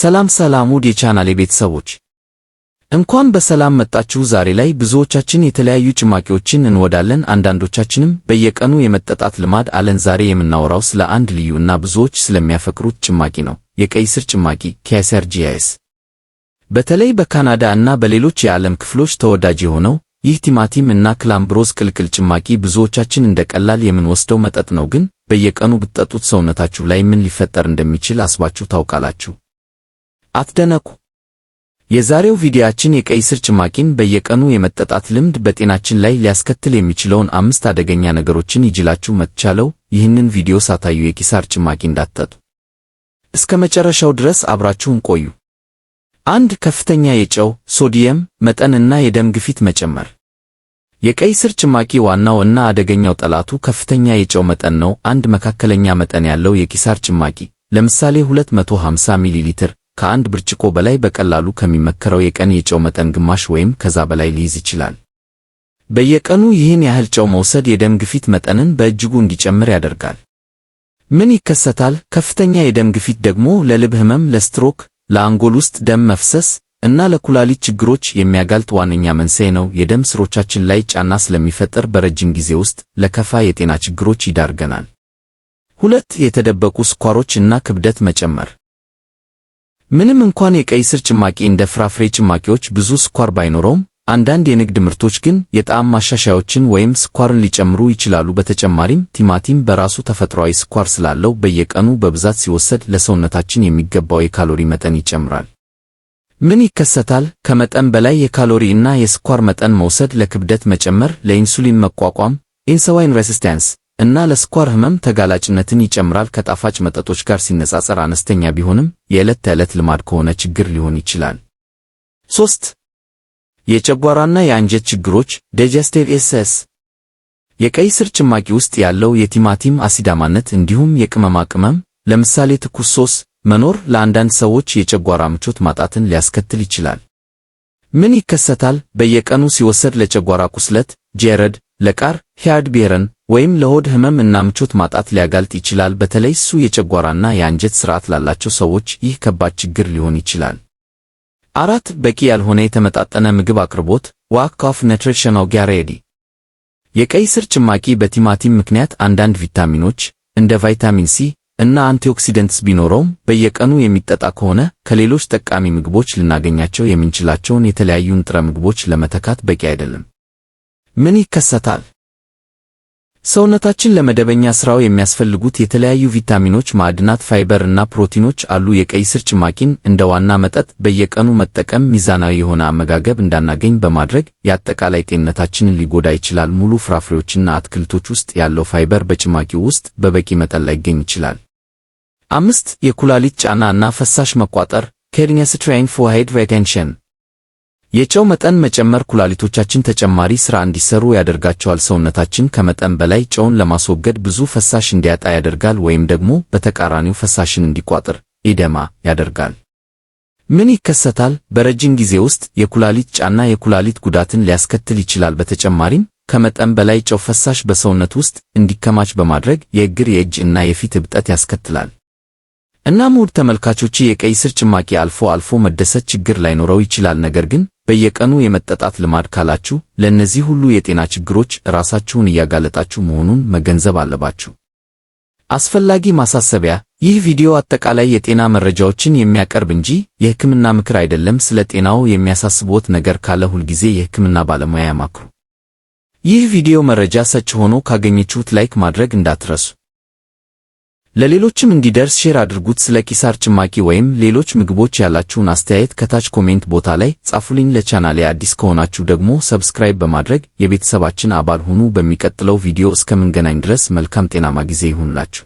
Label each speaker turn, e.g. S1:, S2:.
S1: ሰላም ሰላም ውድ የቻናሌ ቤተሰቦች እንኳን በሰላም መጣችሁ። ዛሬ ላይ ብዙዎቻችን የተለያዩ ጭማቂዎችን እንወዳለን። አንዳንዶቻችንም በየቀኑ የመጠጣት ልማድ አለን። ዛሬ የምናወራው ስለ አንድ ልዩ እና ብዙዎች ስለሚያፈቅሩት ጭማቂ ነው፣ የቀይ ስር ጭማቂ ኬሰር በተለይ በካናዳ እና በሌሎች የዓለም ክፍሎች ተወዳጅ የሆነው ይህ ቲማቲም እና ክላምብሮዝ ቅልቅል ጭማቂ ብዙዎቻችን እንደ ቀላል የምንወስደው መጠጥ ነው። ግን በየቀኑ ብትጠጡት ሰውነታችሁ ላይ ምን ሊፈጠር እንደሚችል አስባችሁ ታውቃላችሁ? አትደነቁ። የዛሬው ቪዲያችን የቀይ ስር ጭማቂን በየቀኑ የመጠጣት ልምድ በጤናችን ላይ ሊያስከትል የሚችለውን አምስት አደገኛ ነገሮችን ይጅላችሁ መጥቻለሁ። ይህንን ቪዲዮ ሳታዩ የኪሳር ጭማቂ እንዳትጠጡ እስከ መጨረሻው ድረስ አብራችሁን ቆዩ። አንድ ከፍተኛ የጨው ሶዲየም መጠንና የደም ግፊት መጨመር። የቀይ ስር ጭማቂ ዋናው እና አደገኛው ጠላቱ ከፍተኛ የጨው መጠን ነው። አንድ መካከለኛ መጠን ያለው የኪሳር ጭማቂ ለምሳሌ 250 ሚሊ ሊትር ከአንድ ብርጭቆ በላይ በቀላሉ ከሚመከረው የቀን የጨው መጠን ግማሽ ወይም ከዛ በላይ ሊይዝ ይችላል። በየቀኑ ይህን ያህል ጨው መውሰድ የደም ግፊት መጠንን በእጅጉ እንዲጨምር ያደርጋል። ምን ይከሰታል? ከፍተኛ የደም ግፊት ደግሞ ለልብ ህመም፣ ለስትሮክ፣ ለአንጎል ውስጥ ደም መፍሰስ እና ለኩላሊት ችግሮች የሚያጋልጥ ዋነኛ መንስኤ ነው። የደም ስሮቻችን ላይ ጫና ስለሚፈጠር በረጅም ጊዜ ውስጥ ለከፋ የጤና ችግሮች ይዳርገናል። ሁለት የተደበቁ ስኳሮች እና ክብደት መጨመር ምንም እንኳን የቀይ ስር ጭማቂ እንደ ፍራፍሬ ጭማቂዎች ብዙ ስኳር ባይኖረውም አንዳንድ የንግድ ምርቶች ግን የጣዕም ማሻሻያዎችን ወይም ስኳርን ሊጨምሩ ይችላሉ። በተጨማሪም ቲማቲም በራሱ ተፈጥሯዊ ስኳር ስላለው በየቀኑ በብዛት ሲወሰድ ለሰውነታችን የሚገባው የካሎሪ መጠን ይጨምራል። ምን ይከሰታል? ከመጠን በላይ የካሎሪ እና የስኳር መጠን መውሰድ ለክብደት መጨመር፣ ለኢንሱሊን መቋቋም ኢንሱሊን ሬሲስታንስ እና ለስኳር ህመም ተጋላጭነትን ይጨምራል። ከጣፋጭ መጠጦች ጋር ሲነጻጸር አነስተኛ ቢሆንም የዕለት ተዕለት ልማድ ከሆነ ችግር ሊሆን ይችላል። ሶስት የጨጓራና የአንጀት ችግሮች ዳይጀስቲቭ ኤሰስ የቀይ ስር ጭማቂ ውስጥ ያለው የቲማቲም አሲዳማነት እንዲሁም የቅመማ ቅመም ለምሳሌ ትኩስ ሶስ መኖር ለአንዳንድ ሰዎች የጨጓራ ምቾት ማጣትን ሊያስከትል ይችላል። ምን ይከሰታል? በየቀኑ ሲወሰድ ለጨጓራ ቁስለት፣ ጄረድ ለቃር ሂያድቤረን ወይም ለሆድ ህመም እና ምቾት ማጣት ሊያጋልጥ ይችላል። በተለይ እሱ የጨጓራና የአንጀት ስርዓት ላላቸው ሰዎች ይህ ከባድ ችግር ሊሆን ይችላል። አራት በቂ ያልሆነ የተመጣጠነ ምግብ አቅርቦት ዋክ ኦፍ ኒትሪሽናል ጋሬዲ የቀይ ስር ጭማቂ በቲማቲም ምክንያት አንዳንድ ቪታሚኖች እንደ ቫይታሚን ሲ እና አንቲኦክሲደንትስ ቢኖረውም በየቀኑ የሚጠጣ ከሆነ ከሌሎች ጠቃሚ ምግቦች ልናገኛቸው የምንችላቸውን የተለያዩ ንጥረ ምግቦች ለመተካት በቂ አይደለም። ምን ይከሰታል? ሰውነታችን ለመደበኛ ስራው የሚያስፈልጉት የተለያዩ ቪታሚኖች፣ ማዕድናት፣ ፋይበር እና ፕሮቲኖች አሉ። የቀይ ስር ጭማቂን እንደ ዋና መጠጥ በየቀኑ መጠቀም ሚዛናዊ የሆነ አመጋገብ እንዳናገኝ በማድረግ የአጠቃላይ ጤንነታችንን ሊጎዳ ይችላል። ሙሉ ፍራፍሬዎችና አትክልቶች ውስጥ ያለው ፋይበር በጭማቂው ውስጥ በበቂ መጠን ላይገኝ ይችላል። አምስት የኩላሊት ጫና እና ፈሳሽ መቋጠር ከርኒያ ስትራይን ፎሃይድ ሬቴንሽን የጨው መጠን መጨመር ኩላሊቶቻችን ተጨማሪ ሥራ እንዲሠሩ ያደርጋቸዋል። ሰውነታችን ከመጠን በላይ ጨውን ለማስወገድ ብዙ ፈሳሽ እንዲያጣ ያደርጋል፣ ወይም ደግሞ በተቃራኒው ፈሳሽን እንዲቋጥር ኢደማ ያደርጋል። ምን ይከሰታል? በረጅም ጊዜ ውስጥ የኩላሊት ጫና የኩላሊት ጉዳትን ሊያስከትል ይችላል። በተጨማሪም ከመጠን በላይ ጨው ፈሳሽ በሰውነት ውስጥ እንዲከማች በማድረግ የእግር፣ የእጅ እና የፊት እብጠት ያስከትላል። እናም ውድ ተመልካቾች የቀይ ስር ጭማቂ አልፎ አልፎ መደሰት ችግር ላይኖረው ይችላል፣ ነገር ግን በየቀኑ የመጠጣት ልማድ ካላችሁ ለእነዚህ ሁሉ የጤና ችግሮች ራሳችሁን እያጋለጣችሁ መሆኑን መገንዘብ አለባችሁ። አስፈላጊ ማሳሰቢያ፣ ይህ ቪዲዮ አጠቃላይ የጤና መረጃዎችን የሚያቀርብ እንጂ የሕክምና ምክር አይደለም። ስለ ጤናው የሚያሳስብዎት ነገር ካለ ሁልጊዜ የሕክምና ባለሙያ ያማክሩ። ይህ ቪዲዮ መረጃ ሰጪ ሆኖ ካገኘችሁት ላይክ ማድረግ እንዳትረሱ። ለሌሎችም እንዲደርስ ሼር አድርጉት። ስለ ኪሳር ጭማቂ ወይም ሌሎች ምግቦች ያላችሁን አስተያየት ከታች ኮሜንት ቦታ ላይ ጻፉልኝ። ለቻናሌ አዲስ ከሆናችሁ ደግሞ ሰብስክራይብ በማድረግ የቤተሰባችን አባል ሁኑ። በሚቀጥለው ቪዲዮ እስከምንገናኝ ድረስ መልካም ጤናማ ጊዜ ይሁንላችሁ።